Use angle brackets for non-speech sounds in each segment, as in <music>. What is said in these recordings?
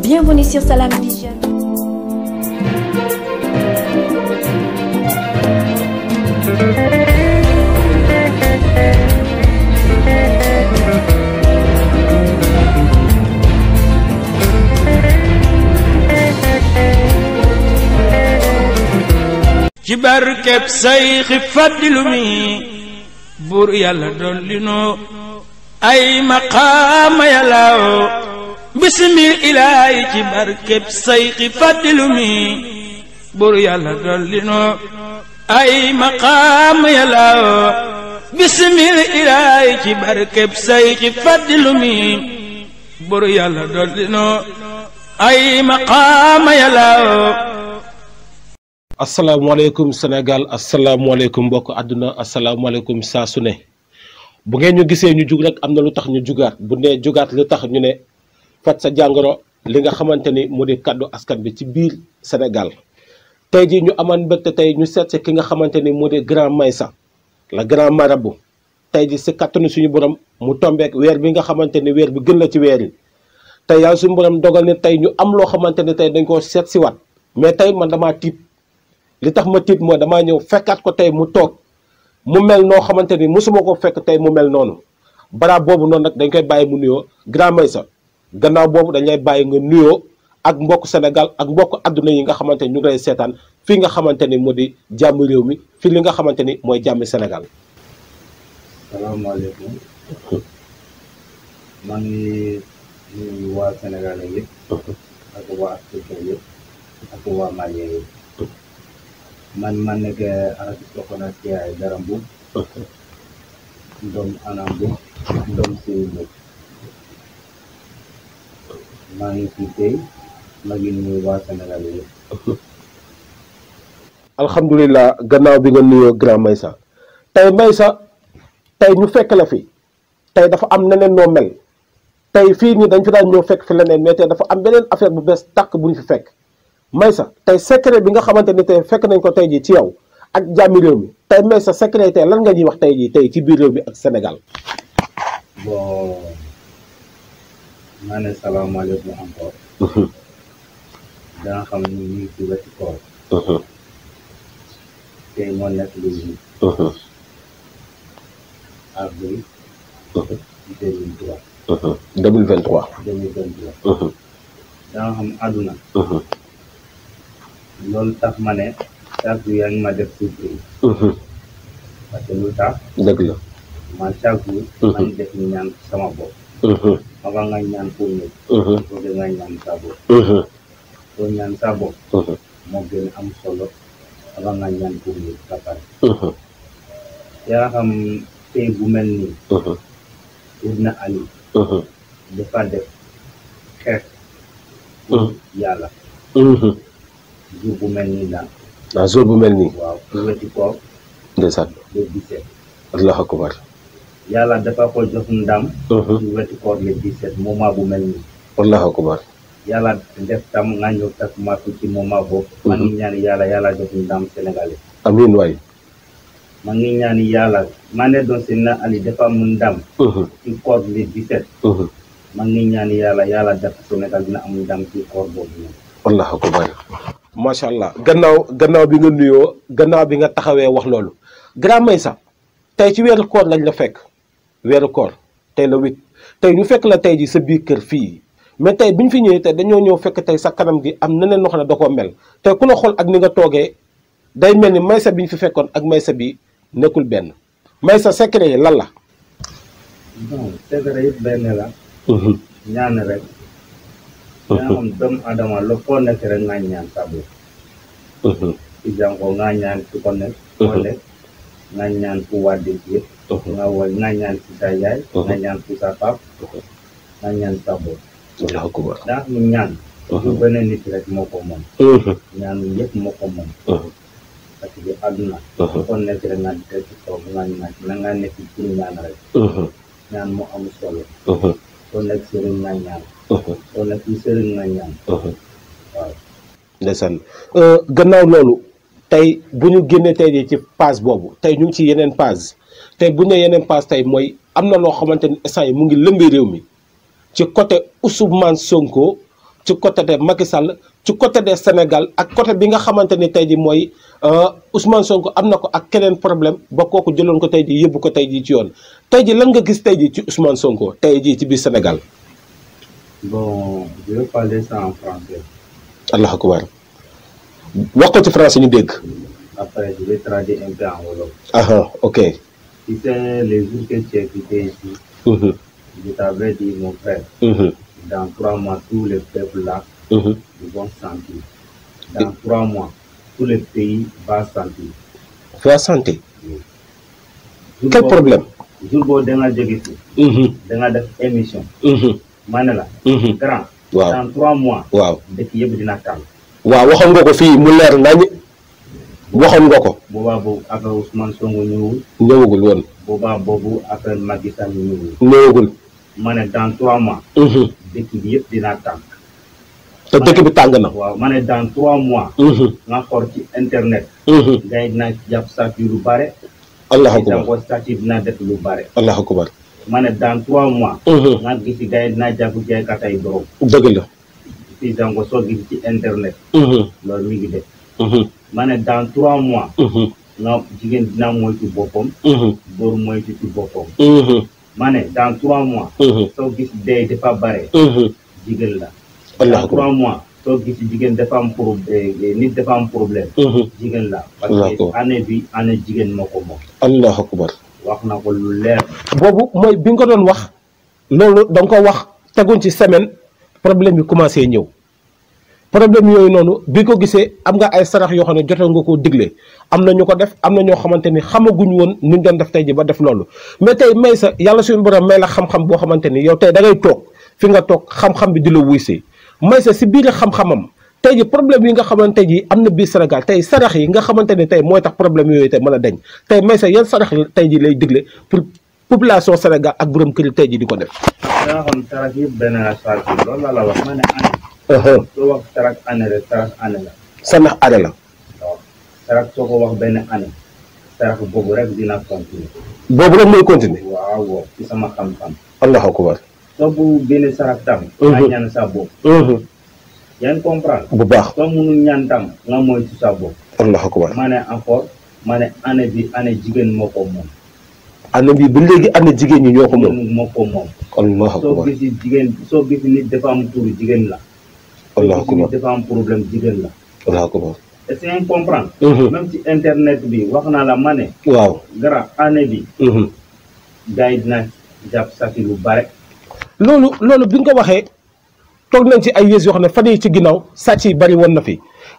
Bienvenue sur Salam Vision. ci barkeb sayxi fàddilu mi buur yàlla dolli noo ay maqaama yàllaaw bisimil ilaahi ci barkeb sayxi fàddilu mi buru yàlla dolli noo ay maqaam yàlla bisimil ilaahi ci barkeb sayxi fàddilu mi àdduna asalaamaaleykum saa su ne bu ngeen ñu gisee ñu jug rek am na lu tax ñu jugaat bu ne jugaat lu tax ñu ne faj sa jàngoro li nga xamante ni mu di kàddu askan bi ci biir Sénégal tey jii ñu aman mbégte tey ñu seet si ki nga xamante ni mu di grand Meissa la grand marabu tey ji si kattanu suñu borom mu tombeek weer bi nga xamante ni weer bi gën la ci weer yi tey yaa suñu borom dogal ne tey ñu am loo xamante ni tey dañ koo seet si waat mais tey man damaa tiit li tax ma tiit mooy damaa ñëw fekkaat ko tey mu toog mu mel noo xamante ni mosuma ko fekk tey mu mel noonu bara boobu noonu nag dañ koy bàyyi mu nuyoo grand Meissa gannaaw boobu dañ bàyyi nga nuyoo ak mbokk Sénégal ak mbokk àdduna yi nga xamante ni ñu ngi seetaan fii nga xamante ni moo di jàmm mi fii li nga xamante ni mooy jàmm Sénégal. salaamaaleykum maa ngi nuyu waa Sénégal yëpp ak waa maa ngi fi tey maa ngi nuyu waa Sénégal yi. <laughs> alhamdulilah gannaaw bi nga nuyoo grand Meissa tey Meissa tey ñu fekk la fi tey dafa am neneen noo mel tey fii nii dañ fi daan ñoo fekk fi leneen mais tey dafa am beneen affaire bu bees tàkk bu ñu fi fekk Meissa tey secret bi nga xamante ni tey fekk nañ ko tey jii ci yow ak jàmmi réew mi tey Meissa secret tey lan nga ñuy wax tey jii tey ci biir réew mi ak senegal maa ne salaamaaleykum encore. Mhm. danga xam ni ñu ngi dugal ci koor. Mhm. tey moo nekk lu ñu. Mhm. avril. deux vingt trois. deux xam àdduna. loolu tax ma ne. chaque yaa ngi ma def surprise. parce que lu tax. dëgg la. ma chaque jour. maa ngi def ñaan sama bopp. avant nga ñaan pour nit il faut que ñaan sa bopp moo gën am solo avant ñaan pour nit ba yaa xam tey bu mel nii Seydina Ali dafa def xeex pour yàlla jour bu mel ni daal ah jour bu waaw ci weti koor ndeysaan le dix-sept yàlla dafa ko jox ndam. Mhm. ci wetu bu mel nii. wallaahu akbar. yàlla def tam nga ñëw takk matu ci moment boobu. Mhm. ma ngi yàlla yàlla jox ndam Sénégalais. amiin ma ngi ñaan yàlla maa ne doon seen na Ali dafa am ndam. Mhm. ci koor le ma ngi ñaan yàlla yàlla def Sénégal dina am ndam ci koor boobu. macha allah gannaaw gannaaw bi nga nuyoo gannaaw bi nga taxawee wax loolu. Grand sax tey ci weeru koor lañ la fekk. weeru koor tey la huit tey ñu fekk la tey ji sa biir kër fii mais tey bi ñu fi ñëwee tey dañoo ñëw fekk tey sa kanam gi am neneen noo xam ne da koo mel tey ku la xool ak ni nga toogee day mel ni maysa bi ñu fi fekkoon ak maysa bi nekkul benn maysa secret yi lan la. bon secret yëpp benn la. Mhm. ñaan rek. Mhm. ñaan nga woy nga ñaan ci sa yaay nga ñaan ci a pap nga ñaan sa bopp ndax mu ñaan du benn nit rek moo ko moom ñaan yëpp moo ko moom parce que àdduna kon nekk rek nga def ci kaw nga ñaan na nga nekk pour ñaan rek ñaan mu am solo soo nekk sëriñ nga ñaan soo nekk sëriñ gannaaw loolu tey bu ñu génnee tey ji ci phase boobu tey ñu ci yeneen phase tey bu ñu yeneen paas tey mooy am na loo xamante ni instant yi mu ngi lëmbi réew mi ci côté Ousmane Sonko ci côté de Macky Sall ci côté de Sénégal ak côté bi nga xamante ni tey jii mooy euh, Ousmane Sonko am na ko ak keneen problème ba kooku jëloon ko tey jii yépp ko tey jii ci yoon tey ji lan nga gis tey jii ci Ousmane Sonko tey jii ci biir Sénégal. bon Allah akbar wax ko ci français ñu dégg. après ok. Mhm. Mhm. tu sais, les jours que tu es quitté ici, mm -hmm. je t'avais dit, mon frère, mm -hmm. dans trois mois, tous les peuples là, mm -hmm. ils vont sentir. Dans trois mois, tout le pays va sentir. Va sentir oui. Quel problème jour boobu da nga jóge fii. Mhm. da nga def émission. ma ne la. grand. waaw dans trois mois. waaw dëkk yëpp dina tàll. waaw waxoon nga ko fii mu leer nañu. waxoon nga ko. boobaa boobu affaire Ousmane Sonko ñëwul. ñëwagul woon. boobaa boobu affaire Macky Sall ñëwul. ñëwagul. ma ne dans trois mois. Mhm. dëkk bi yëpp dinaa tànk. te dëkk bi tàng na. waaw ma ne dans trois mois. Mhm. nga xool ci internet. Mhm. gars yi dinaa jàpp sàcc lu bare. allahu akbar ko sàcc dinaa def lu bare. allahu akbar. ma ne dans trois mois. nga gis gars yi dinaa jàpp jaaykat ay borom. dëgg la. si donc soo gis ci internet. loolu mi ngi def. ma ne dans trois mois. Mm-hmm. na jigéen dina moytu boppam. Mm-hmm. góor moytu boppam. Mm-hmm. ma ne dans trois mois. soo jigéen la. wallaahi dans trois mois. soo gis jigéen dafa am pro eh, nit dafa am problème. jigéen la. parce que année bi année jigéen moo ko moom. allahu akbar. wax na ko lu leer. boobu mooy bi nga ko doon wax loolu da ko wax teguñ ci semaine problème bi commencé ñëw. problème yooyu noonu bi ko gisee am nga ay sarax yoo xam ne jotoon nga koo digle am na ñu ko def am na ñoo xamante ni xamaguñ woon nuñ doon def tey ji ba def loolu mais tey may sa yàlla suñu borom may la xam boo xamante ni yow tey da ngay toog fi nga toog xam-xam bi di la wuy si may sa si biir xam-xamam tey ji problème yi nga xamante ji am na biir Sénégal tey sarax yi nga xamante ni tey mooy tax problème yooyu te mën a deñ tey may sa yan sarax tey ji lay digle pour population Sénégal ak borom kër tey ji di ko def. soo uh-huh. wax tarak année rek tarak année la. sanax la. waaw soo wax benn année tarak boobu rek dina continuer. boobu rek mooy continuer. waaw waaw sama xam-xam. allahu akbar. soo bu génnee sarak tam. Uh-huh. nga sa bopp. Uh-huh. yaa ngi comprendre. bu baax soo mënul ñaan tam nga mooy ci sa bopp. allahu akbar ma ne encore ma ne année bi moom. année bi ba léegi année jigéen ñi ñoo ko moom. moom. soo gis jigéen soo gis nit dafa am tuuru la. allah akubar dafa am problème jigéen la. allah akubar. est-ce que internet bi wax naa la ma waaw gara bi. Mm-hmm. gars yi dina loolu loolu bi nga ko waxee toog nañ ci ay yées yoo xam ne fan yi ci ginnaaw sàcc yi bari woon na fi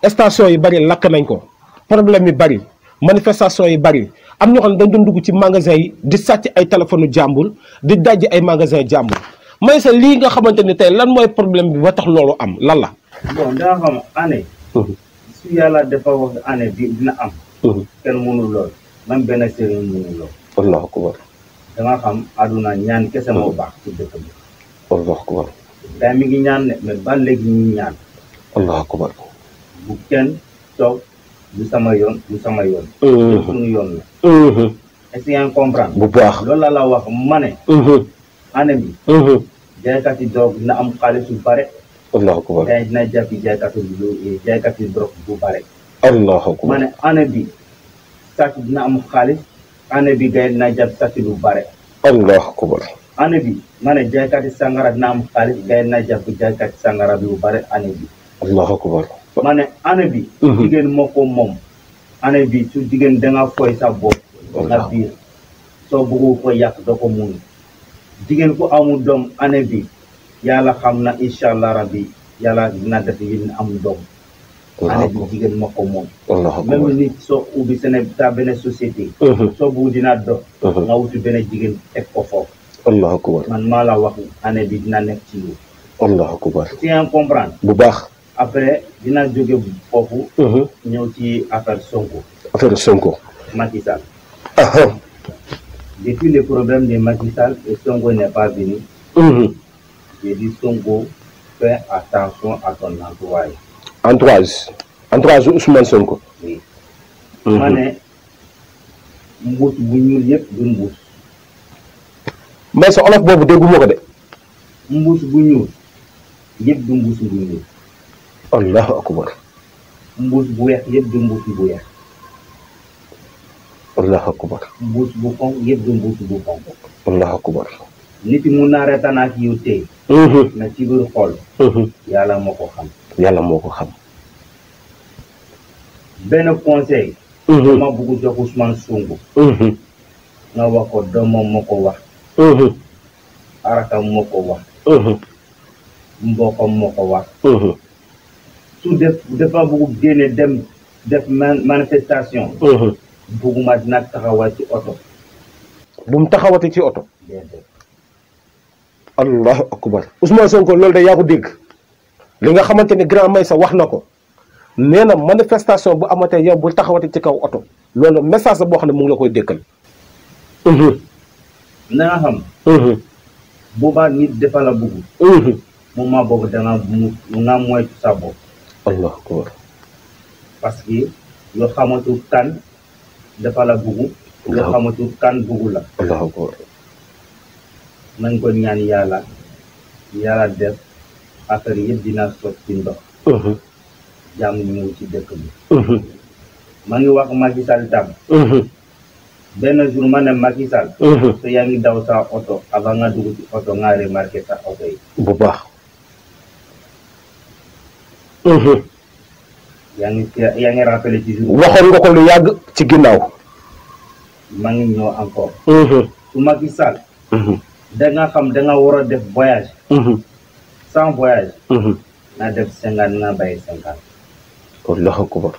station yi bari lakk nañ ko problème yi bari manifestation yi bari am ñoo xam ne dañ doon dugg ci magasin yi di sàcc ay téléphone jàmbur di dajji ay magasin jàmbur. may sa lii nga xamante ni tey lan mooy problème bi ba tax loolu am lan la. bon daa xam année. Mhm. su yàlla dafa wax année bi dina am. Mhm. kenn mënul lool man benn sëriñ mënul lool. allahu akbar. danga xam aduna ñaan kese moo mhm. baax ci dëkk bi. mi ngi ñaan ne mais ba léegi ñu ñaan. allahu akbar. bu kenn toog lu sama yoon lu sama yoon. lu sunu yoon la. bu baax lool la wax ma ennemi. Mhm. jaaykat yi doog dina am xaalis bu bare. allahu akbar dinañ dina jàpp jaaykatu eh, bu bare. allahu akbar ma ne année dina am xaalis année bi gars dina jàpp sàcc lu bare. allahu bi ma ne jaaykati dina am xaalis gars dina jàpp jaaykati bi. allahu akbar ma ne année bi. Mhm. jigéen moo ko moom. année bi su jigéen da nga sa bopp. nga biir soo bëggu ko yàq doo ko jigéen ku amul doom année bi yàlla xam na incha allah rabbi yàlla dina def yéen amul doom. année jigéen moo moom. même nit soo ubbi seen ta benn société. Uh-huh. soo bugg dina dox. Uh-huh. nga wuti benn jigéen teg ko foofu. allahu akbar man maa la wax année bi dina nekk ci yow. allahu akbar. si ngeen comprendre. bu baax. après dina jóge foofu. Uh-huh. ñëw ci affaire Sonko. affaire Sonko. Macky Sall. Ah, ah. Depuis le problème de Macky Sall, et Songo n'est pas venu, mmh. j'ai Songo, fais attention à ton entourage. Entourage entourage Ousmane Sonko. Oui. Mhm. ma ne bu ñuul yëpp du mbuus. mais sa olof boobu dégguma ko de. mbuus bu ñuul yëpp du mbuus bu ñuul. allahu akbar. mbuus bu weex yëpp du bu weex. allahu akbar mbuus bu xonq yëpp mbuus bu xonq allahu akbar nit mun naa retanaak tey mhm. na ci biir xol mhm. yàlla moo ko xam yàlla moo xam benn conseil mhm. ma bugg jox Ousmane Sonko nga wax ko doomam moo wax arakam moo wax mbokkam moo wax su def dafa bugg génne dem def manifestation bugguma nag taxawal ci oto bum taxawati ci oto allahu akbar Ousmane Sonko loolu de yaa ko dégg li nga xamante ni grand Meissa wax na ko nee na manifestation bu amatee yow bul taxawati ci kaw oto loolu message la boo xam ne mu ngi la koy dékkal na nga xam boobaa nit dafa la bugg moment boobu danga nga moytu sa bopp allahu akbar parce que yoo xamatu kan dafa la bugg nga xamatul kan bugg la allahu ko ñaan yàlla yàlla def affaire yëpp dina sot ci ndox uh-huh. jàmm ñu ngi ci dëkk bi uh-huh. ma ngi wax Macky Sall tam uh-huh. benn jour ma ne Macky yaa ngi daw sa oto avant nga dugg ci oto nga remarqué sa oto bu baax yaa ngi yaa ngi waxoon nga ko lu yàgg ci ginnaaw. maa ngi ñëw encore. su Macky Sall. Mm-hmm. da xam da nga def voyage. Mm-hmm. sans voyage. Mm-hmm. naa def cinquante naa bàyyi cinquante. Allahu akbar.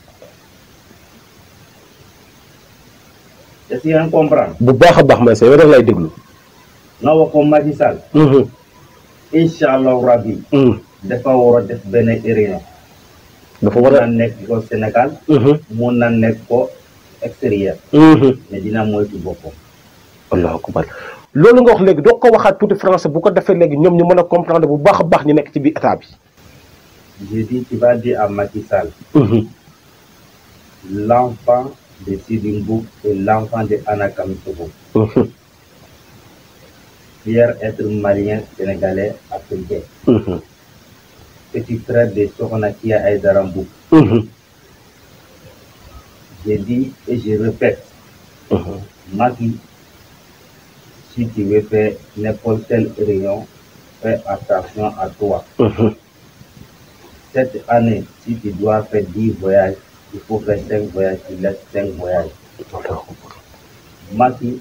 est-ce que bu baax a baax may sa yow daf lay déglu. nga wax ko Macky Sall. incha allahu rabi. dafa def benn dafa war a nekk ko Sénégal. Mhm. mun na nekk ko extérieur. Mhm. mais dina moytu boppam. ko akbar loolu nga wax léegi doo ko waxaat tuuti français bu ko defee léegi ñoom ñu mën a comprendre bu baax a baax ñu nekk ci biir état bi. je dis tu vas dire à mhm. de Sidi Mboup et de Anna fier être malien sénégalais africain. petit frère de Sokhna Kia Aïdarambou. Mhm. J'ai dit et je répète, mhm. Magui, si tu veux faire n'importe quel rayon, fais attention à toi. Mhm. Cette année, si tu dois faire 10 voyages, il faut faire 5 voyages, tu laisses voyages. Magui,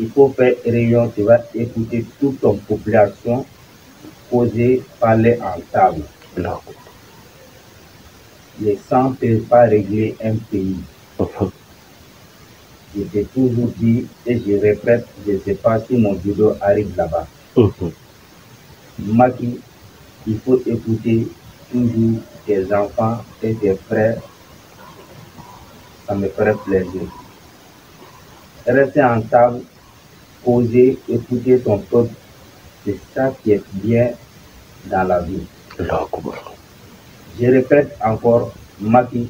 il faut faire rayon, tu vas écouter toute ton population. posées en table. Les 100 ne peuvent pas régler un pays. <laughs> Je t'ai toujours dit et je répète, je sais pas si mon judo arrive là-bas. <laughs> Maki, il faut écouter toujours tes enfants et tes frères. Ça me ferait plaisir. Rester en table, poser, écouter ton peuple C'est ça qui est bien dans la vie. Je répète encore, Maki,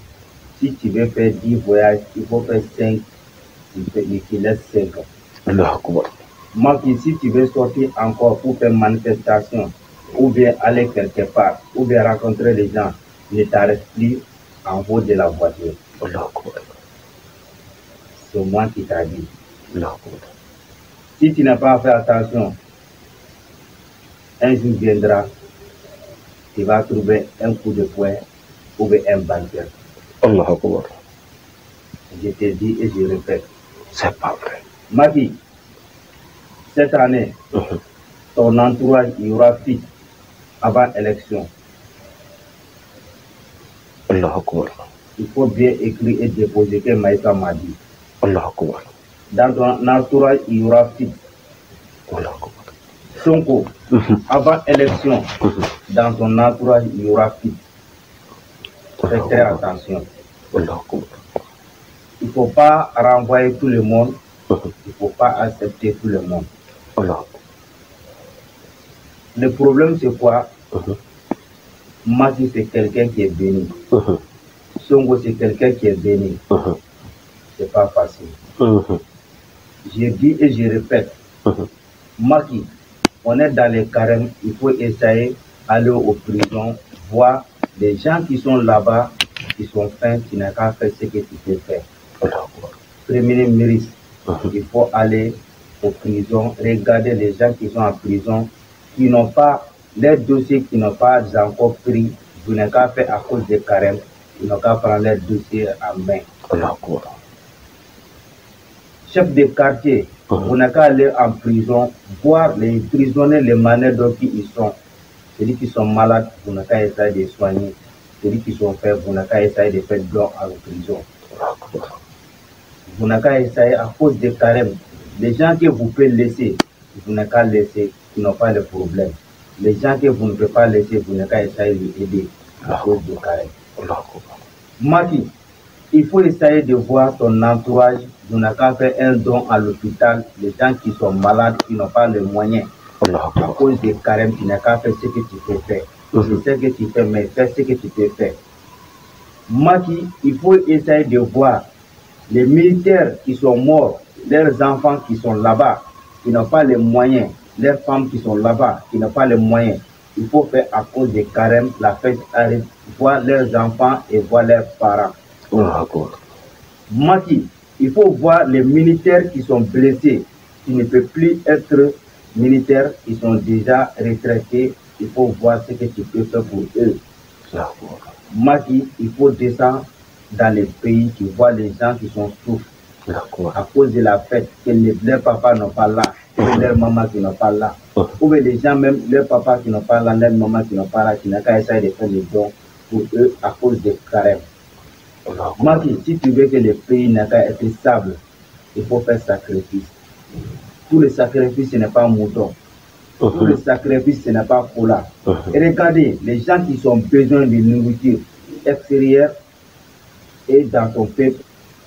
si tu veux faire 10 voyages, il faut faire 5, il si tu veux sortir encore pour faire manifestation, ou bien aller quelque part, ou bien rencontrer des gens, ne t'arrête plus en haut de la voiture. Si tu n'as pas fait attention, Un jour viendra, tu vas trouver un coup de poing ou un banquier. Allah Akbar. Je te dis et je répète. C'est pas vrai. Ma vie, cette année, uh -huh. y aura fit avant l'élection. Allah Akbar. Il faut bien écrire et déposer que Maïka m'a dit. Allah Akbar. Dans ton y aura fit. Sonko, mhm. avant élection, mhm. dans ton entourage, il y aura très attention. Il faut pas renvoyer tout le monde. Mhm. Il faut pas accepter tout le monde. Le problème, c'est quoi Mati, c'est quelqu'un qui est béni. Songo, c'est quelqu'un qui est béni. C'est pas facile. J'ai dit et je répète. on est dans les carèmes, il faut essayer d'aller aux prisons, voir les gens qui sont là-bas, qui sont fins, qui n'ont qu'à faire ce que tu peux Premier ministre, mhm. il faut aller aux prisons, regarder les gens qui sont en prison, qui n'ont pas, les dossiers qui n'ont pas encore pris, vous n'avez qu'à faire à cause carèmes, ils n'ont qu'à prendre les dossiers en main. chef de quartier, mmh. n'a qu'à en prison, voir les prisonniers, les manœuvres qui y sont. Ceux qui sont malades, on n'a qu'à essayer de soigner. Ceux qui sont faibles, on n'a qu'à de faire blanc en prison. Vous n'avez qu'à à cause des carême. Les gens que vous pouvez laisser, vous n'avez qu'à de problème. Les gens que vous ne pouvez laisser, vous n'avez qu'à de aider à cause du carême. Maki, il faut essayer de voir ton entourage Nous n'a qu'à faire un don à l'hôpital, les gens qui sont malades, qui n'ont pas les moyens. À cause des carèmes, tu n'as qu'à faire ce que tu peux mhm. fais, mais fais ce que tu peux faire. Maki, il faut essayer de voir les militaires qui sont morts, leurs enfants qui sont là-bas, qui n'ont pas les moyens, leurs femmes qui sont là-bas, qui n'ont pas les moyens. Il faut faire à cause des carèmes, la fête arrive, voir leurs enfants et voir leurs parents. Il faut voir les militaires qui sont blessés, qui ne peuvent plus être militaires, ils sont déjà retraités. Il faut voir ce que tu peux faire pour eux. Maki, il faut descendre dans les pays, tu vois les gens qui sont souffrent. À cause de la fête, que leurs papas n'ont pas là, que mhm. leurs mamans qui n'ont pas là. Mhm. Ou bien les gens, même leurs papas qui n'ont pas là, n'ont pas là, qui n'ont qu'à essayer de faire des pour eux à cause des carême. Marc, si tu veux que le pays n'a qu'à être stable, il faut faire sacrifice. Tout le sacrifice, ce n'est pas mouton. Uh -huh. Tout uh-huh. ce n'est pas cola. Uh-huh. Et regardez, les gens qui ont besoin de nourriture extérieure et dans ton peuple,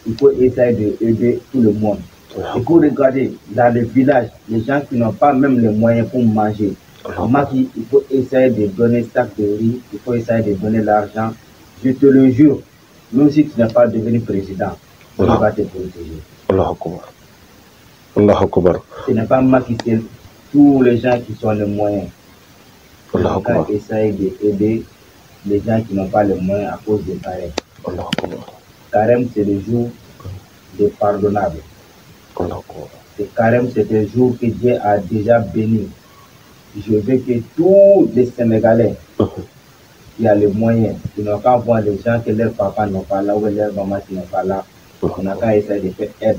il faut essayer d'aider tout le monde. Uh uh-huh. -huh. regardez, dans les villages, les gens qui n'ont pas même les moyens pour manger, Marquis, il faut essayer de donner sac de riz, il faut essayer de donner l'argent. Je te le même tu n'es pas devenu président, on va te protéger. Ce n'est pas moi qui sais tous les gens qui sont les moyens. Allah qui n'ont pas les moyens à cause des carèmes. Allah c'est le jour des pardonnables. Allah c'est un jour que Dieu a déjà béni. Je veux que tous les Sénégalais mhm. il y a les moyens. Ils n'ont gens que leur papa n'ont ou leur maman n'est pas là. On essayer de faire aide.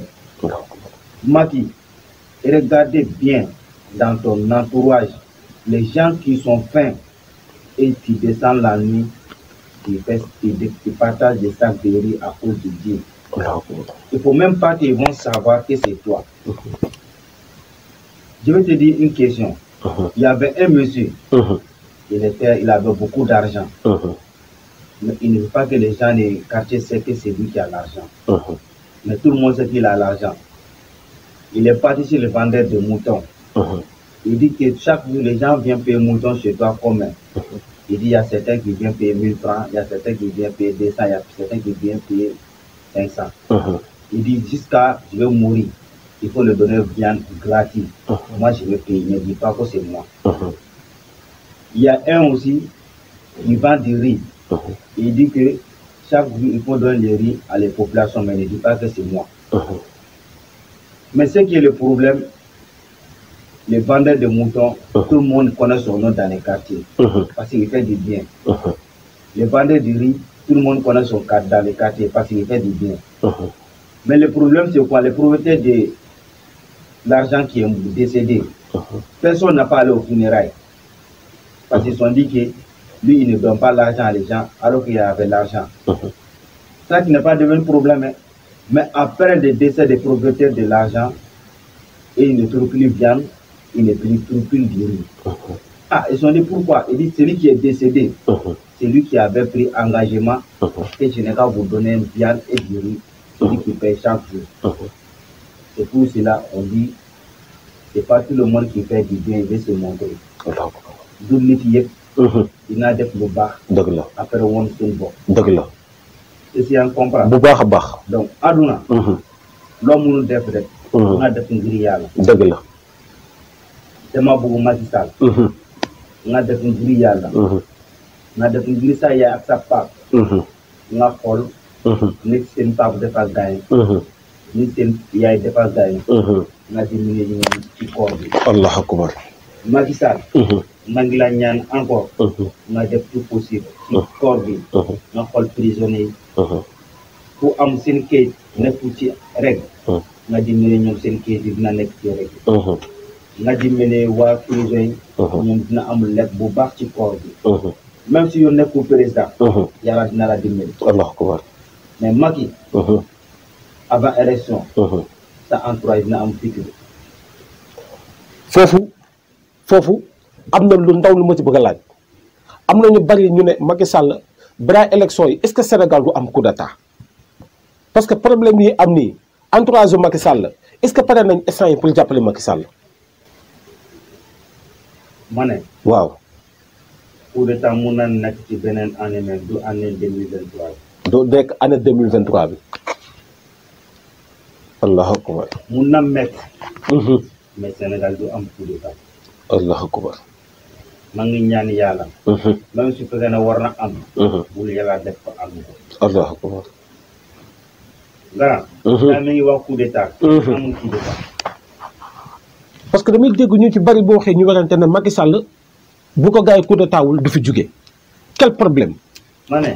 Maki, regardez bien dans ton entourage les gens qui sont fins et qui descendent la nuit, qui, qui partagent des sacs de riz même pas qu'ils vont savoir que c'est toi. Je vais te dire une question. Uh-huh. y avait un monsieur. Uh-huh. Il, était, il avait beaucoup d'argent. Uh il ne veut que les gens des quartiers sachent que c'est qui a l'argent. Uh-huh. Mais tout le monde sait qu'il a l'argent. Il est parti chez le vendeur de moutons. Uh-huh. Il dit que chaque jour, les gens viennent payer moutons chez toi combien Il dit, il y qui viennent payer 1000 francs, il y qui viennent payer 200, il y a qui viennent payer 500. Il dit, jusqu'à, je vais mourir. Il faut le donner viande gratuite. moi. y a un aussi, il vend du riz. Il dit que chaque jour, il faut donner du riz à les populations, mais ne dit pas que c'est moi. Mais ce qui est le problème, les vendeurs de moutons, tout le monde connaît son nom dans les quartiers, parce qu'il fait du bien. Les vendeurs du riz, tout le monde connaît son cadre dans les quartiers, parce qu'il fait du bien. Mais le problème, c'est quoi Le propriétaire de l'argent qui est décédé, personne n'a pas allé au funérailles. Parce qu'ils ont dit que lui, il ne donne pas l'argent à les gens alors qu'il avait l'argent. Mmh. Ça qui n'est pas devenu problème. Mais après le décès des propriétaires de l'argent, et il ne trouve plus viande, il ne trouve plus de riz. Mhm. Ah, ils ont dit pourquoi Ils disent celui qui est décédé, mhm. c'est qui avait pris engagement que mhm. je n'ai qu'à vous donner une et du celui qui paye chaque jour. C'est pour cela on dit, c'est pas tout le monde qui fait du bien, il se montrer. jullit yëpp. Mhm. dinaa def bu baax. dëgg la après woon suñu bopp. dëgg la. bu baax a baax. donc àdduna. Mhm. loo mënul def rek. Mhm. nga def ngir yàlla. dëgg la. dama bëgg Macky Sall. nga def ngir yàlla. nga def ngir sa yaay ak sa paap. nga xool. nit seen paap dafa gaañ. nit seen yaay dafa gaañ. nga dimbali ñu ci koor bi. allahu akbar. Macky Sall mhm. la ñaan encore mhm. nga def tout possible ci mhm. corps bi nga xool prisonniers ku am seen kayit nekku ci règle nga dimbale ñoom seen kayit dina nekk ci règle nga dimbale waa prison ñoom dina am lekk bu baax ci corps bi même si yoon nekku président yàlla dina la dimbale allahu akbar mais Macky avant élection sa entourage dina am futur foofu am na lu ndaw lu ma ci bëgg a laaj am na ñu bari ñu ne Macky sàll balaa élection yi est-ce que Sénégal du am coup d'état parce que problème yi am ni entourage yu Macky Sall est-ce que pare nañ instant yi pour jàppale Macky Sall. ma ne. waaw. coup d'état mun na nekk ci beneen année mais du année 2023. du nekk année 2023 bi. allahu akbar. mun na nekk. Mhm. Sénégal du am coup d'état. allahu akbar maa ngi ñaan yàlla. même su fekkee ne war na am. Mhm. bul yàlla def ko mhm. mhm. parce que damay dégg ñu ci bari boo waxee ñu warante ne Macky sàll bu ko gars yi coup d'état wul du fi jugee quel problème. ma ne.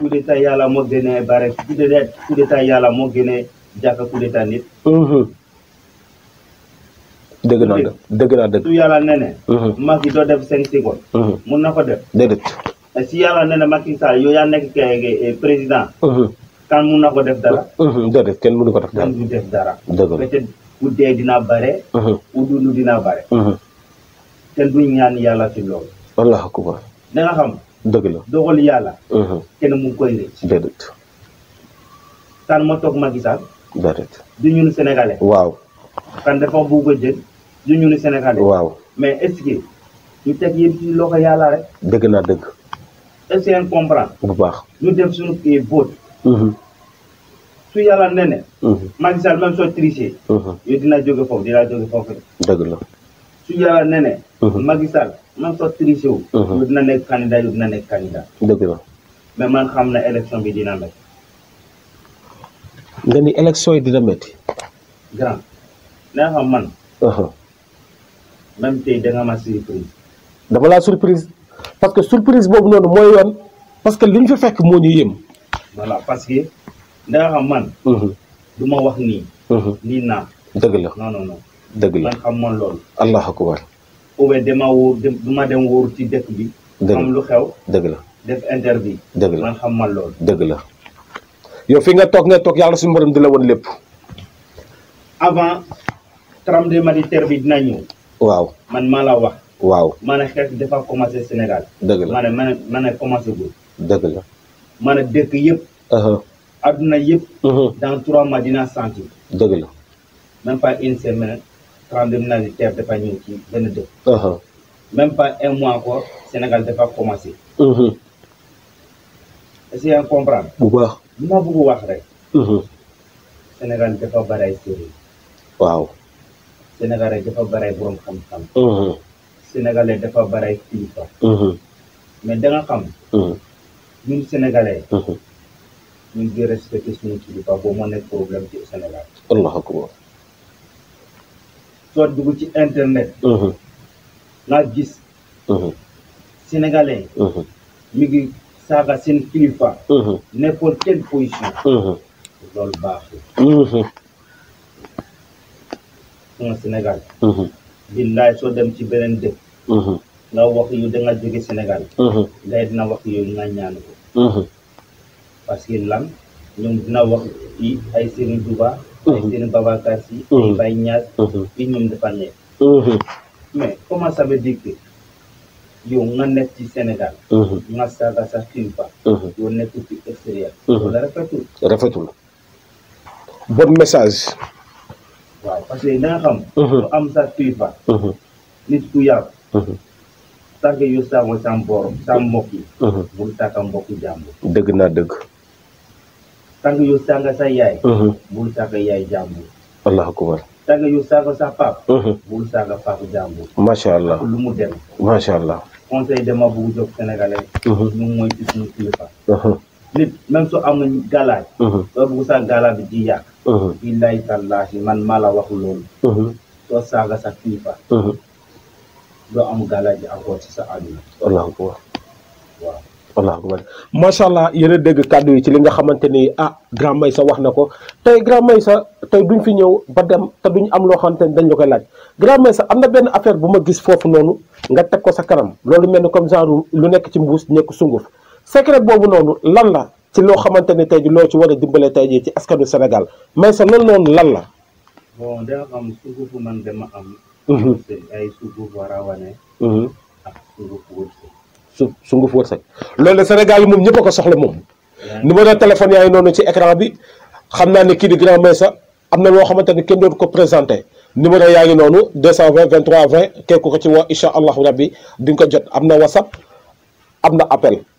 coup d'état yàlla moo gën a bare coup d'état yàlla moo gën jàkka coup d'état nit. dëgg naa dëgg dëgg naa dëgg su yàlla ne ne mhm. Macky doo def cinq secondes mhm. mun na ko def déedéet eh, si yàlla ne ne Macky Sall yow yaa nekk eh, président mhm. kan mun na ko def dara déedéet kenn mënu ko def dara kenn ku dee dina bare ku dund dina bare te du ñaan yàlla ci loolu wallahu akbar da nga xam dëgg la dogal yàlla kenn mu koy rëcc déedéet kan moo toog Macky Sall déedéet du ñun sénégalais waaw kan dafa bugg a jël du ñu ni Sénégalais. waaw mais est que ñu teg yéen ci loxo yàlla rek. dëgg naa dëgg. est que yéen comprendre. bu baax ñu dem suñu kii vote. Mm-hmm. su yàlla ne ne. Mm-hmm. Macky soo triché. Mm-hmm. yow dina jóge foofu dina jóge foofu rek. dëgg su yàlla ne ne. Macky soo triché wu. yow dina nekk candidat yow dina nekk candidat. dëgg la. mais man xam na élection bi dina métti. nga ni élection yi dina métti. grand na man. Uh-huh. même tey da nga ma surprise. dama laa surprise parce que surprise boobu noonu mooy yoon parce que li ñu fi fekk moo ñu yëm. voilà parce que da nga xam man. Mhm. du ma wax nii. Mhm. nii naa. dëgg la non non non. dëgg la man xam man loolu. allahu akbar. ou bien dama wóor du dem wóor ci dëkk bi. xam lu xew. dëgg la def interview. dëgg la man xam man loolu. dëgg la yow fi nga toog nga toog yàlla suñu borom di la woon lépp. avant tram de militaire bi dina ñëw. waaw man maa la wax. waaw ma ne xeex dafa commencé Sénégal. dëgg la ma ne ma ne ma ne commencé gul. dëgg ma ne dëkk yëpp. Uh-huh. adduna yëpp. Uh-huh. dans trois mois dinaa sentir. dëgg la même uh-huh. un mois encore Sénégal dafa commencé. est-ce que yaa ngi comprendre. bu ma bëgg wax rek. Sénégal dafa bari ay séeréer. waaw. sénégalais dafa bare borom xam-xam. Mhm. sénégalais dafa bare kilifa. Mhm. mais da nga xam. Mhm. ñun sénégalais. ñun di respecté suñu kilifa boo moo nekk problème ci Sénégal. allahu akbar. soo dugg ci internet. nga gis. sénégalais. mi ngi saaga seen kilifa. nekkoon kenn position. loolu baaxul. un Sénégal. Mhm. billaay soo dem ci beneen dëkk. Mhm. nga wax yu da nga jóge Sénégal. ngay mhm. dina wax yooyu nga ñaan ko. parce que lan ñoom dina wax yi ay Serigne Touba. ay Serigne Babacar Sy. ay dafa nekk. mais comment ça veut dire que nga nekk ci Sénégal. nga saaga sa kilifa. yow nekk ci extérieur. bon message. waaw parce que da nga xam. Mhm. ku am sa kilifa. Mhm. nit ku yàgg. Mhm. tànk yu sàmm sa borom sa mbokk yi. bul tàkka mbokku jàmbur. dëgg naa dëgg. tànk yu sànga sa yaay. bul tàkka yaay jàmbur. allahu akbar. tànk yu sànga sa paap. bul sànga paap jàmbur. macha allah lu mu dem. macha allah. conseil dama bugg jox sénégalais. ñu mooy ci suñu kilifa. soo am galaaj. soo bugg sa galaaj bi Uh-huh. billahi tallahi man maa la wax loolu soo uh-huh. saaga sa kilifa uh-huh. doo am gàllaaj macha allah yéen a dégg kàddu yi ci li nga xamante ni ah grand Meissa wax na ko tey grand sa tey duñ fi ñëw ba dem te duñ am loo xamante ni dañ la koy laaj grand sa am na benn affaire bu ma gis foofu noonu nga teg ko sa kanam loolu mel ni comme genre lu nekk ci mbuus nekk sunguf secret boobu noonu lan la ci loo xamante ne tey ji loo ci war a dimbale tey jii ci askanu senegal mais sa loolu noonu lan la. bon daa am suufu man am. Mhm. ay war a wane. Mhm. ak suufu wërsëg. su loolu la Sénégal yi moom ñëpp a ko soxla moom. numéro téléphone yaa ngi noonu ci écran bi xam naa ne kii di grand Meissa am na loo xamante ne kenn doon ko présenté numéro yaa ngi noonu 220 23 20 képp ko ci woo incha allahu rabbi di nga ko jot am na whatsapp am na appel.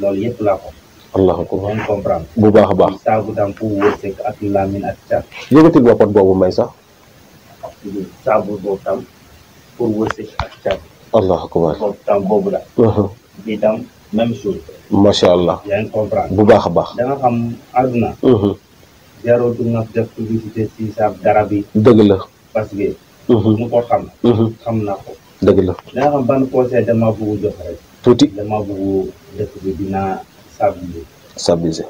loolu yëpp laa ko. allahu akbar bu baax a baax saabu daan ku wërsëg ak laamin ak car. yëgatil boppam boobu may sax. saabu boobu tam pour wërsëg ak car. allahu akbar boobu tam boobu la. bi allah bu baax a baax. da nga xam àdduna. jarootu nga dëgg la parce que. mu ko xam. naa ko. dëgg la da xam ban conseil dama bëgg jox rek. tuuti. dama bëgg dëkk bi dina stabiliser. stabiliser.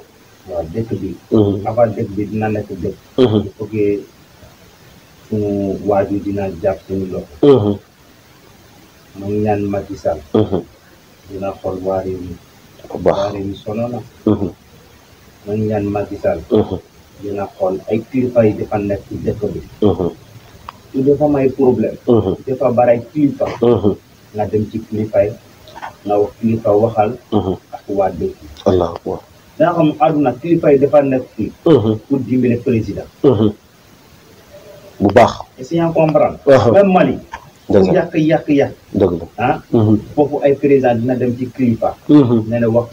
dëkk bi. Mhm. avant dëkk bi dina nekk dëkk. Mhm. il faut que suñu waajur dina loxo. Mhm. mu ngi ñaan Macky Sall. dina xool waa réew mi. bu na. mu ngi ñaan Macky Sall. dina xool ay kilifa yi dafa nekk ci dëkk bi. su dafa may problème. dafa bare kilifa. nga dem ci nga wax kilifa waxal. Mhm. ak waa dëkk. kilifa yi dafa nekk mhm. mhm. bu baax. est-ce que yaa ngi comprendre. même ah. dina dem ci kilifa. nee na wax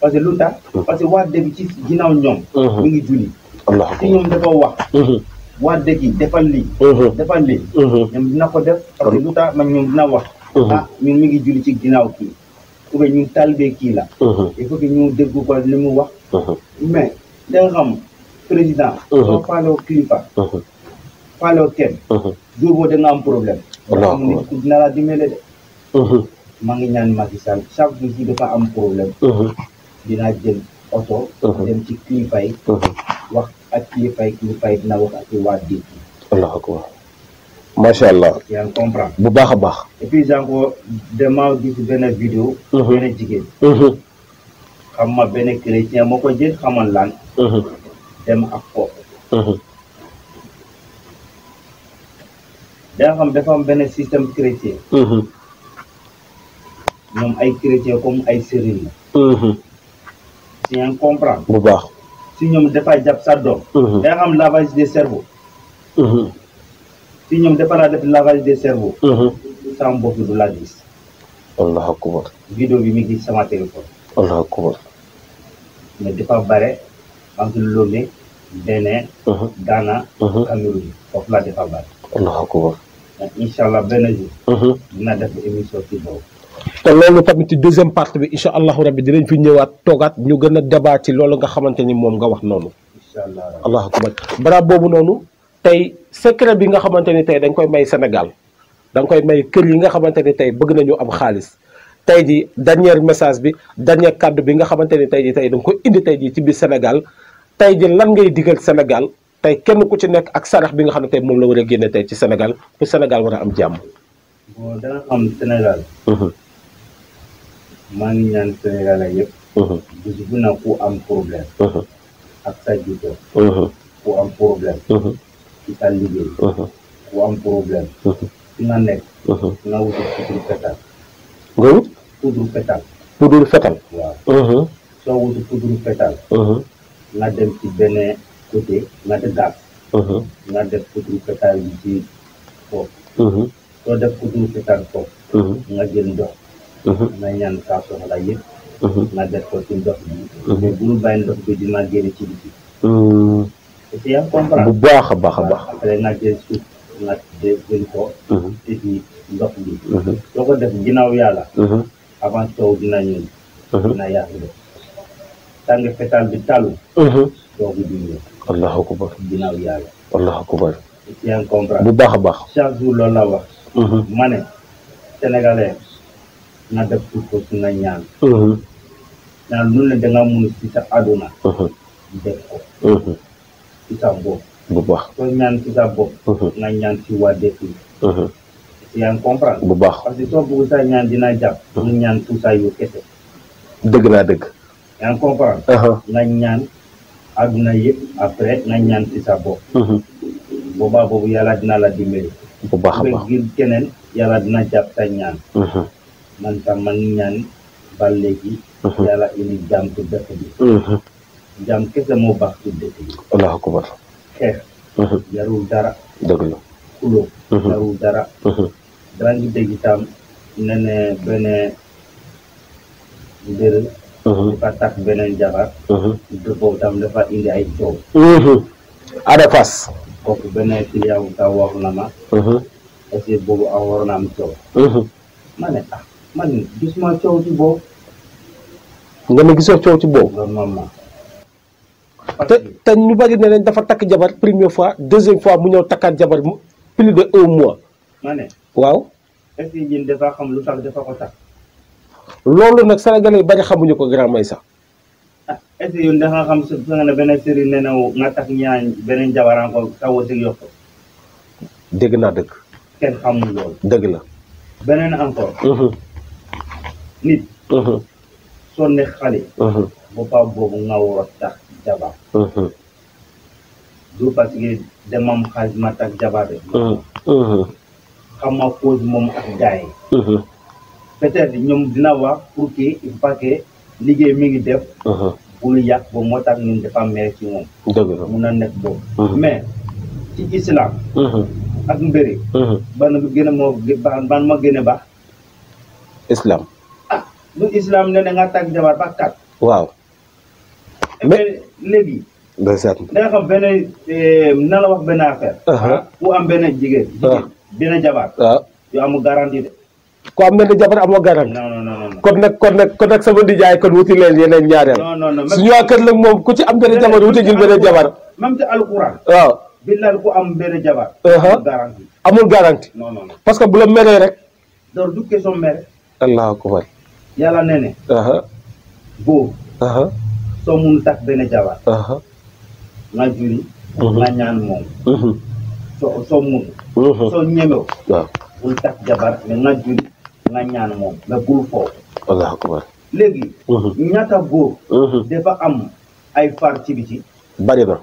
parce que lu que waa dëkk ginnaaw ñoom. mu ngi julli. wallaahu te wax. waa dëkk yi lii. defal lii. ñoom dina ko def. parce que lu tax man ñoom dina wax. ah ñun mi ngi julli ci ginnaaw kii ou bien ñun talibé kii la il faut que ñu déggu ko li mu wax mais da xam président soo faaloo kilifa faaloo kenn jour boobu da am problème waaw ku dina la dimbale de maa ngi ñaan Macky Sall chaque jour si dafa am problème dinaa jël oto dem ci kilifa yi wax ak kilifa yi kilifa yi dina wax ak waa dëkk macha allah bu baax a baax. et puis encore damaa gis benn vidéo. Mhm. benn jigéen. Mhm. xam ma benn chrétien moo ko jël xamal lan. Mhm. dem ak kooku. daa xam dafa am système chrétien. ñoom ay chrétien comme ay sëriñ bu baax si ñoom dafa jàpp sa doom. daa xam lavage de cerveau. fii ñoom dafara def lavage des cerveaux mhm. sama bopp du laa gis allahu akbar vidéo bi mi ngi sama téléphone allahu akbar mais dafa bare entre Lomé Bénin Ghana Cameroun foofu laa dafa mhm. loolu tamit deuxième partie bi incha allahu rabbi dinañ fi ñëwaat toogaat ñu gën a débat ci loolu nga xamante ni moom nga wax noonu incha allahu akbar bara boobu noonu tey secret bi nga xamante ni tey dañ koy may Sénégal danga koy may kër yi nga xamante ni tey bëgg nañu am xaalis tey ji dernier message bi dernier kàddu bi nga xamante ni tey ji tey da ko indi tey ji ci biir Sénégal tey ji lan ngay diggal Sénégal tey kenn ku ci nekk ak sarax bi nga xam ne tey moom la war a génne tey ci Sénégal pour Sénégal war a am jàmm. bon dana mhm. mhm. am mhm. am ci sa liggéey uh-huh. ku problème fi uh-huh. nga nekk uh-huh. nga wuti poudre fetal nga wut fetal poudre fetal waaw soo wuti poudre fetal nga dem ci benn côté nga def gas nga def poudre fetal bi ci foofu nga jël ndox nga ñaan saa soxla yëpp nga def ko ci ndox bi mais bu ñu bi ci biti mm. bu baax a baax a baax. après nga jël suuf nga jël ko. Mhm. tëj ni ndox bi. Mhm. soo ko def ginnaaw yàlla. Mhm. avant taw dina ñëw. dina yàq de tàng fetal bi talu. soo ko dundee. allahu akbar ginnaaw yàlla. allahu akbar. yaa ngi comprendre bu baax a baax. chaque jour loolu la wax. ma ne sénégalais nga def suuf foofu nga ñaan. ñaan lu ne da nga mun si sa àdduna. def ko. ci sa bopp. bu baax soo ñaan ci sa bopp. Mhm. nga ñaan ci waa dëkk bi. Mhm. yaa ngi bu baax parce que soo bëgg sa ñaan dinaa jàpp. ñu mhm. ñaan tout kese. dëgg laa dëgg. yaa ngi comprendre. nga ñaan àdduna yëpp après nga ñaan ci sa bopp. boobaa boobu yàlla dina la dimbali. bu baax gi baax keneen yàlla dina jàpp sa ñaan. man tam man ñaan ba léegi. yàlla indi jàmm ci jàmm kese moo baax a dëkk yi. allahu akbar. xeex. Mhm. jarul dara. dëgg la. xuloo. Mhm. dara. Mhm. dara ngi dégg itam ne ne benn mbir. dafa tax beneen jabar. dëppoo tam dafa indi ay coow. Ada Fass. kooku beneen client ta wax na ma. est-ce boobu a waroon coow. ma ne ah man gisuma coow ci boobu. nga ne te te ñu bëri ne leen dafa takk jabar première fois deuxième fois mu ñëw takkaat jabar plus de un mois. ma waaw. est-ce que yéen dafa xam lu tax dafa ko takk. loolu nag sénégalais bari xamuñu ko grand may sax. ah est-ce que yéen dafa xam su nga ne benn sëriñ ne nga takk ñaan beneen jabaram ko taw si yokk. dégg naa dëgg. kenn xamul loolu. dëgg la. beneen encore. soo ne xale. boobu nga war a jabar du parce que demam xaalis ma tak jabar de mm-hmm. mm-hmm. xam ma cause moom ak gars yi mm-hmm. ñoom dina wax pour que il faut liggéey mi ngi def bul yàq boobu moo tax ñun dafa meer ci moom mun na nekk boobu mais ci islam ak mbëri ban gën a moo ban ma gën a islam ah lu islam ne ne nga tag jabar ba kat waaw mais léegi. ndeysaan da nga xam benn eh, na la wax benn affaire. Uh-huh. ku am benn jigéen. Uh-huh. jigéen dina jabar. waaw uh-huh. yow amul garantie de. ku am benn jabar amoo garantie. non non non kon nag kon nag kot nag sama nijaay kon wuti leen yeneen ñaareel. non non non suñu moom ku ci am benn jabar wuti jël benn jabar. même ci alquran. waaw billahi ku am benn jabar. garantie amul garantie. parce que bu la meree rek. donc du question mere. allahu akbar. yàlla nee na. boobu. soo mun takk benn jabar nga juri mhm. nga ñaan moom mhm. soo soo mun mhm. soo ñemew waaw bul takk jabar mais nga juri nga ñaan moom mais bul foofu allahu akbar léegi ñaata góor dafa am ay far ci biti bari na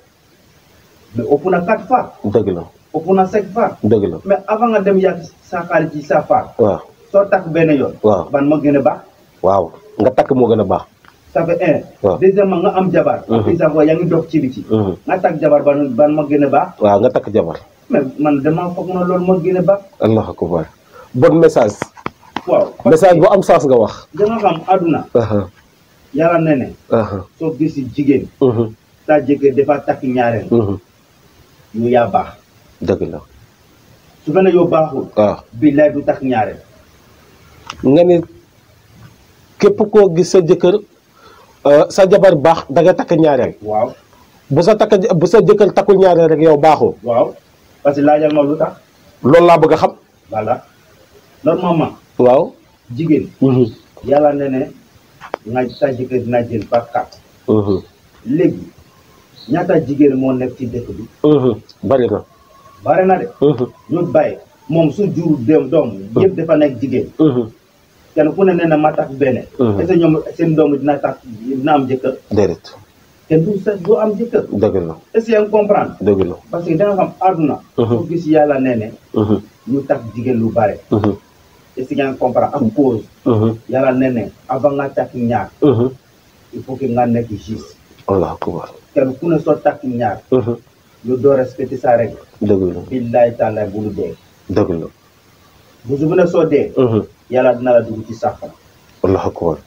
mais ëpp na quatre far dëgg la ëpp na cinq far dëgg la mais avant nga dem yàgg sa xaalis ci sa far waaw soo takk benn yoon waaw ban moo gën a baax waaw nga takk moo gën a baax ça fait un. waaw deuxièmement nga am jabar. Mhm. yaa ngi dox ci biti. Mhm. nga takk jabar ban ban ma a baax. waaw nga takk jabar. man damaa foog na loolu ma gën a baax. allah akbar bon message. message bu am sens nga wax. danga xam àdduna. yàlla ne ne. soo gis jigéen. Mhm. saa jëkkër dafa takk ñaareel. yow yaa baax. dëgg la. su fekkee yow baaxul. waaw ah. billaay du takk ñaareel. nga ne képp koo gis sa jëkkër. Euh, sa jabar baax da nga takk ñaareel. waaw bu sa takk bu sa jëkkër takkul ñaareel rek yow baaxoo. waaw parce que laajal ma lu tax. loolu laa bëgg a xam. voilà normalement. waaw jigéen. Mhm. yàlla na ne nga sa jëkkër dina jël bakkaat. Mhm. léegi ñaata jigéen moo nekk ci dëkk bi. Mhm. bari na. bari na de. ñu bàyyi moom su jur dem doom yëpp dafa nekk jigéen. kenn ku ne nee na ma takk benn. Mhm. est ce que ñoom seen doom dina takk dina am jëkkër. déedéet. te du sa am jëkkër. dëgg la est ce que yaa ngi comprendre. dëgg la parce que da nga mhm. yàlla nee mhm. ñu takk jigéen lu bare. est ce que am cause. yàlla nee ne avant nga takk ñaar. il faut que nga nekk juste. allah akbar. kenn ku ne soo takk ñaar. lu doo respecté sa règle. dëgg la billaay taalaay bu lu dee. dëgg bu su soo dee. yàlla dina la dugg ci safara. wallaahu akbar.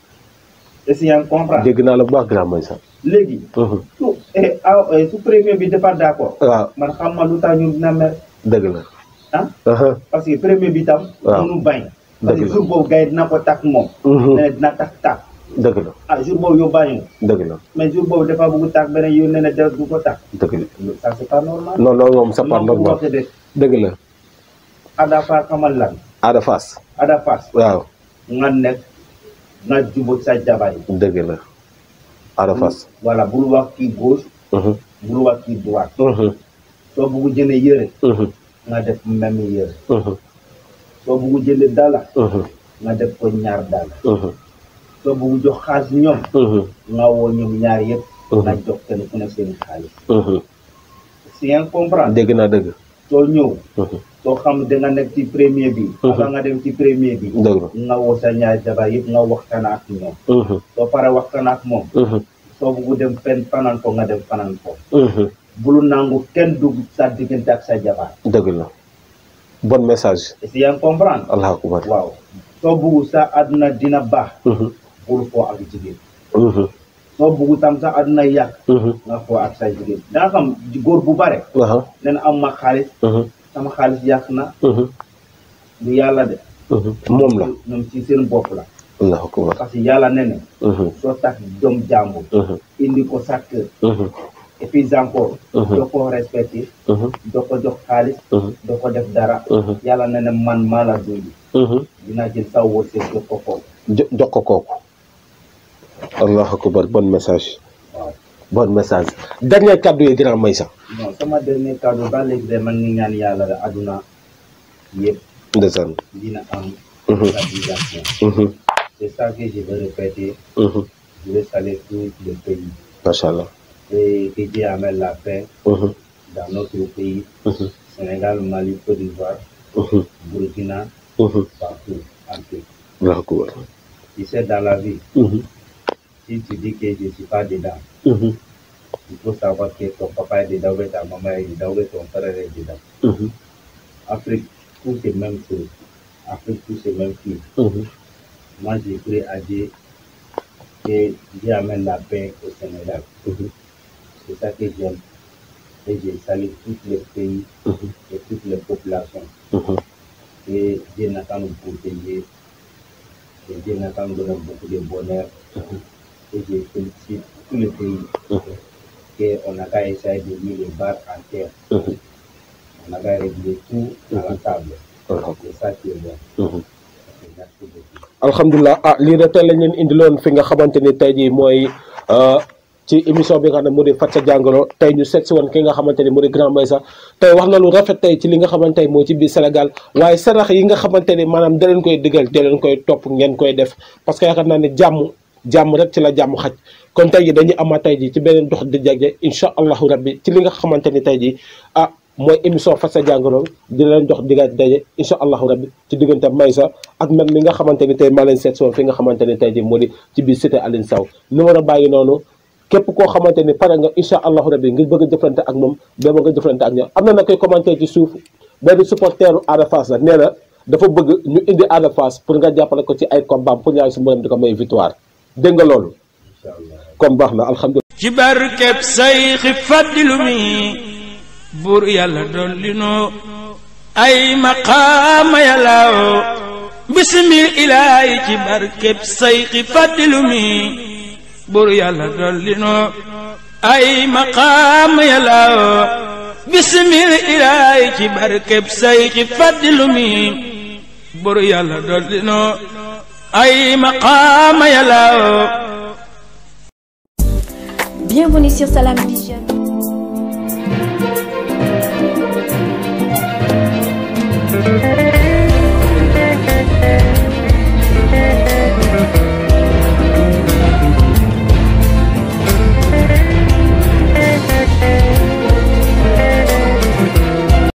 est-ce que yaa ngi dégg la bu baax grand mooy mhm. sax. Eh, ah, eh, su premier bi dafa d'accord. waaw man xam lu tax dina mer. dëgg la. ah. parce que premier bi tam. waaw bañ. dëgg jour boobu gars dina ko takk moom. Mhm. nee dina takk takk. dëgg ah jour boobu yóbbaale ko. dëgg la mais jour boobu dafa bëgg takk beneen yow nee na du ko takk. dëgg la ça c'est pas normal. non non moom c'est pas normal dëgg la. à la Ada Fass. Ada Fass. waaw. nga nekk nga jubóot sa jabar yi. dëgg la Ada mm, Fass. bul wax kii mm-hmm. bul wax kii mm-hmm. soo bëgg a yére. soo bëgg a dala. Mm-hmm. ko ñaar dala. soo bëgg jox xaalis ñoom. nga woo ñaar yëpp. nga jox kenn ku ne si ngeen comprendre. dégg na dëgg. soo ñëw mhm. soo xam da nga nekk ci premier bi mhm. avant nga dem ci premier bi nga woo sa ñaari jabar yëpp nga waxtaan ak ñoom mhm. soo pare waxtaan ak moom soo bugg dem fenn fanaan ko nga dem fanaan ko bul nangu kenn dugg sa diggante ak sa jabar dëgg la bon message si yaa ngi comprendre allahu akbar waaw soo bugg sa àdduna dina baax bul foo ak jigéen soo buggu tam sax aduna yi mhm. bu bare nee na am ma xaalis mhm. sama xaalis yàq na mhm. lu yàlla de moom la ñoom ci seen bopp la parce que yàlla nee na soo takk doom jàmbur indi ko sa kër encore doo ko respecté doo xaalis doo def dara yàlla nee man maa la dund dinaa jël sa wërsëg jox ko kooku allah akbar bon message. dernier kàddu yi grand Meissa. non dernier kàddu ba léegi de man ngi ñaan yàlla la dina am. Mhm. stabilisation. Mhm. c'est ça que je veux répéter. Mhm. je veux saluer tout le la paix. dans notre pays. Sénégal Mali Côte d'Ivoire. Burkina. partout en tout. d'accord. tu dans la vie. Si tu dis que je pas dedans, mmh. il faut savoir que papa est dedans, que ta maman est dedans, que ton frère est dedans. Mmh. Afrique, tous ces mêmes choses. Afrique, tous ces mêmes filles. Mmh. Moi, j'ai pris à dire la paix au Sénégal. Mhm. C'est ça que j'aime. Et j'ai salué tous les pays mhm. et toutes les populations. Mhm. Et Dieu n'attend nous protéger. Et Dieu n'attend nous donner beaucoup de des politiques, la table. ah lii de tey lañ leen indiloon fi nga xamante ni tey jii mooy ah, ci émission bi nga xam ne mu di faj sa ñu seet si woon ki nga xamante ni mu di Grand Meissa tey wax na lu rafet tey ci li nga xamante ni mooy ci biir Sénégal waaye sarax yi nga xamante ni maanaam da leen koy digal da koy topp ngeen koy def parce que yaakaar naa ne jàmm. jàmm rek ci la jàmm xaj kon tey dañu dañuy amaat tey ji ci beneen dox di jege incha allahu rabbi ci li nga xamante ni tey ji ah mooy émission faj sa jàngoro di leen dox di nga daje incha allahu rabbi ci diggante Maysa ak man mi nga xamante ni tey maa leen seet soon fi nga xamante ni tey ji moo di ci biir cité Aline Sow numéro bàyyi noonu képp koo xamante ni pare nga incha allahu rabbi ngir bëgg a jëflante ak moom ba nga jëflante ak ñoom am na nag koy commenté ci suuf benn supporteru dafa bëgg ñu indi Ada Fass pour nga jàppale ko ci ay combat pour ko may victoire dégg nga loolu kon na alhamdulilah ci barkeb say xi fàddilu mi yàlla dolli noo ay maqaama yàllaaw bisimil ilaahi ci barkeb say xi fàddilu mi yàlla dolli ay maqaama yàlla. Bienvenue sur Salam Vision. Thank you.